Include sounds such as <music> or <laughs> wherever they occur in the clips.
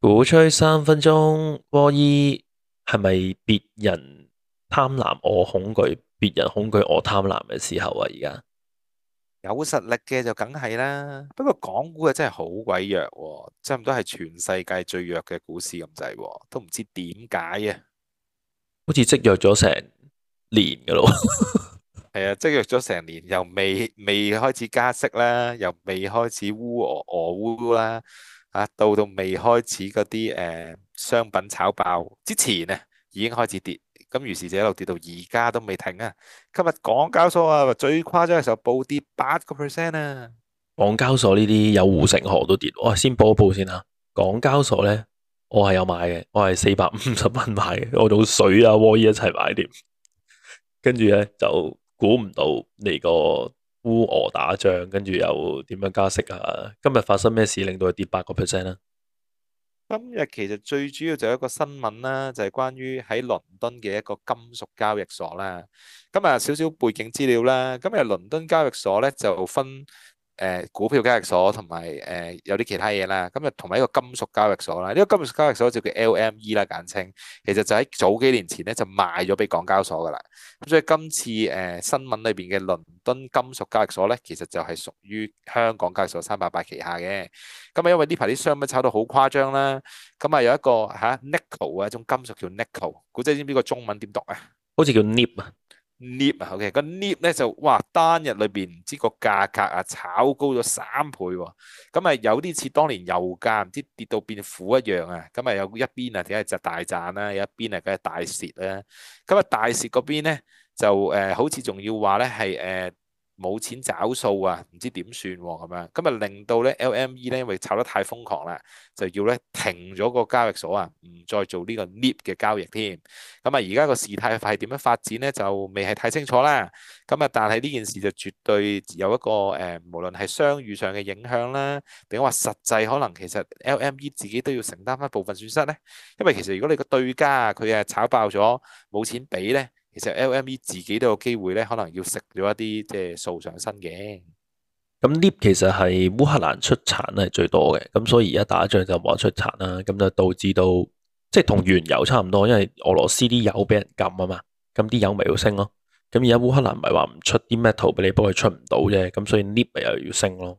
股吹三分鐘波依係咪？別人貪婪，我恐懼；別人恐懼，我貪婪嘅時候啊！而家有實力嘅就梗係啦。不過港股啊，真係好鬼弱，差唔多係全世界最弱嘅股市咁滯，啊，都唔知點解啊！好似積弱咗成年噶咯，係 <laughs> 啊，積弱咗成年又未未開始加息啦，又未開始烏俄俄烏啦。啊，到到未開始嗰啲誒商品炒爆之前啊，已經開始跌，咁於是就一路跌到而家都未停啊！今日港交所啊，最誇張嘅時候暴跌八個 percent 啊！港交所呢啲有護城河都跌，我先報一報先啦。港交所咧，我係有買嘅，我係四百五十蚊買嘅，我到水啊、窩啲一齊買跌，跟住咧就估唔到嚟個。烏俄打仗，跟住又點樣加息啊？今日發生咩事令到佢跌八個 percent 咧？今日其實最主要就一個新聞啦，就係關於喺倫敦嘅一個金屬交易所啦。今日少少背景資料啦，今日倫敦交易所咧就分。誒股票交易所同埋誒有啲其他嘢啦，咁啊同埋一個金屬交易所啦，呢個金屬交易所就叫 LME 啦，簡稱，其實就喺早幾年前咧，就賣咗俾港交所噶啦，咁所以今次誒新聞裏邊嘅倫敦金屬交易所咧，其實就係屬於香港交易所三八八旗下嘅，咁啊因為呢排啲商品炒到好誇張啦，咁啊有一個嚇 nickel 啊，一種金屬叫 nickel 估唔知呢個中文點讀啊？好似叫鎳啊。n i p 啊，OK，個 n i p 咧就哇單日裏邊唔知個價格啊炒高咗三倍喎，啊，咁啊有啲似當年油價唔知跌到變苦一樣啊，咁啊有一邊啊梗係就大賺啦，有一邊啊梗係大蝕啦，咁啊大蝕嗰邊咧就誒、呃、好似仲要話咧係誒。冇錢找數啊！唔知點算喎咁樣，咁啊令到咧 LME 咧，ME，因為炒得太瘋狂啦，就要咧停咗個交易所啊，唔再做呢個 NIP 嘅交易添。咁啊，而家個事態係點樣發展咧，就未係太清楚啦。咁啊，但係呢件事就絕對有一個誒、呃，無論係商譽上嘅影響啦，定話實際可能其實 LME 自己都要承擔一部分損失咧，因為其實如果你個對家佢係炒爆咗冇錢俾咧。其實 LME 自己都有機會咧，可能要食咗一啲即係數上身嘅。咁 i 鎳其實係烏克蘭出產咧係最多嘅，咁所以而家打仗就冇得出產啦，咁就導致到即係同原油差唔多，因為俄羅斯啲油俾人禁啊嘛，咁啲油咪要升咯。咁而家烏克蘭咪話唔出啲 metal 俾你，幫佢出唔到啫，咁所以 i 鎳咪又要升咯。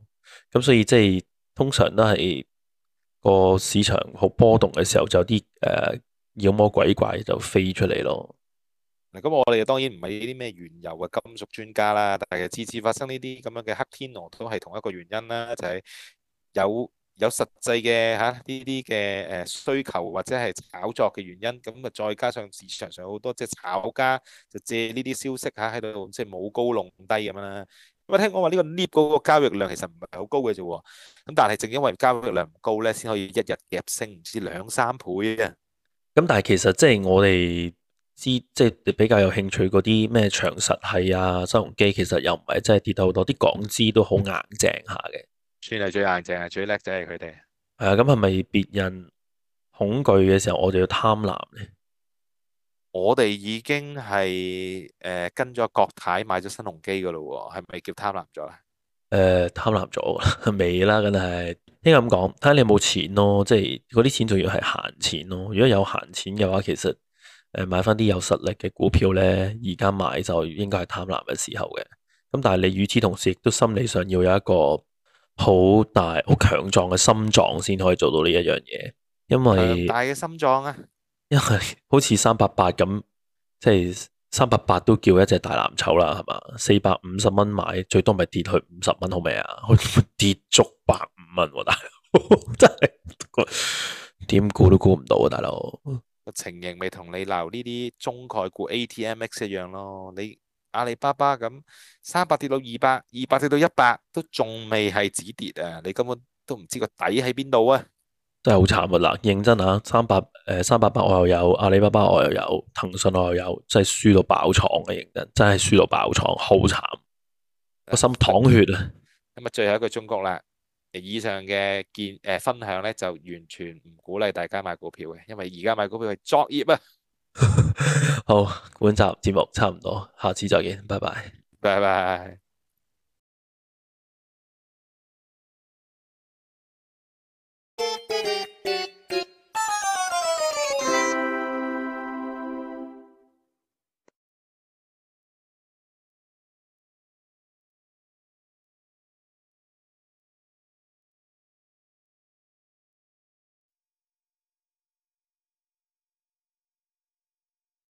咁所以即係通常都係個市場好波動嘅時候，就有啲誒、呃、妖魔鬼怪就飛出嚟咯。嗱，咁我哋當然唔係呢啲咩原油嘅金屬專家啦，但係次次發生呢啲咁樣嘅黑天鵝，都係同一個原因啦，就係有有實際嘅吓呢啲嘅誒需求或者係炒作嘅原因，咁啊再加上市場上好多即係炒家就借呢啲消息吓喺度即係舞高弄低咁樣啦。咁啊聽講話呢個鎳嗰個交易量其實唔係好高嘅啫，咁但係正因為交易量唔高咧，先可以一日夾升唔知兩三倍嘅啫。咁但係其實即係我哋。知即係比較有興趣嗰啲咩長實係啊新鴻基，其實又唔係真係跌到好多，啲港資都好硬淨下嘅，算係最硬淨，係最叻仔係佢哋。係啊，咁係咪別人恐懼嘅時候我就要貪婪咧？我哋已經係誒、呃、跟咗郭太買咗新鴻基噶咯，係咪叫貪婪咗咧？誒、呃，貪婪咗未啦，梗係應該咁講。睇下你有冇錢咯，即係嗰啲錢仲要係閒錢咯。如果有閒錢嘅話，其實。誒，買翻啲有實力嘅股票咧，而家買就應該係貪婪嘅時候嘅。咁但係你與此同時，亦都心理上要有一個好大、好強壯嘅心臟先可以做到呢一樣嘢，因為、呃、大嘅心臟啊。因為好似三百八咁，即係三百八都叫一隻大藍籌啦，係嘛？四百五十蚊買，最多咪跌去五十蚊，好未啊？跌足百五蚊，大佬真係點估都估唔到啊，大佬！情形未同你鬧呢啲中概股 ATMX 一樣咯，你阿里巴巴咁三百跌到二百，二百跌到一百都仲未係止跌啊！你根本都唔知個底喺邊度啊！真係好慘啊！嗱，認真啊，三百誒三百八我又有，阿里巴巴我又有，騰訊我又有，真係輸到爆倉嘅認真，真係輸到爆倉，好慘，個、嗯、心淌血啊！咁啊、嗯嗯，最後一個中國喇。以上嘅建誒分享呢，就完全唔鼓勵大家買股票嘅，因為而家買股票係作業啊。 <laughs> 好，本集節目差唔多，下次再見，拜拜，拜拜。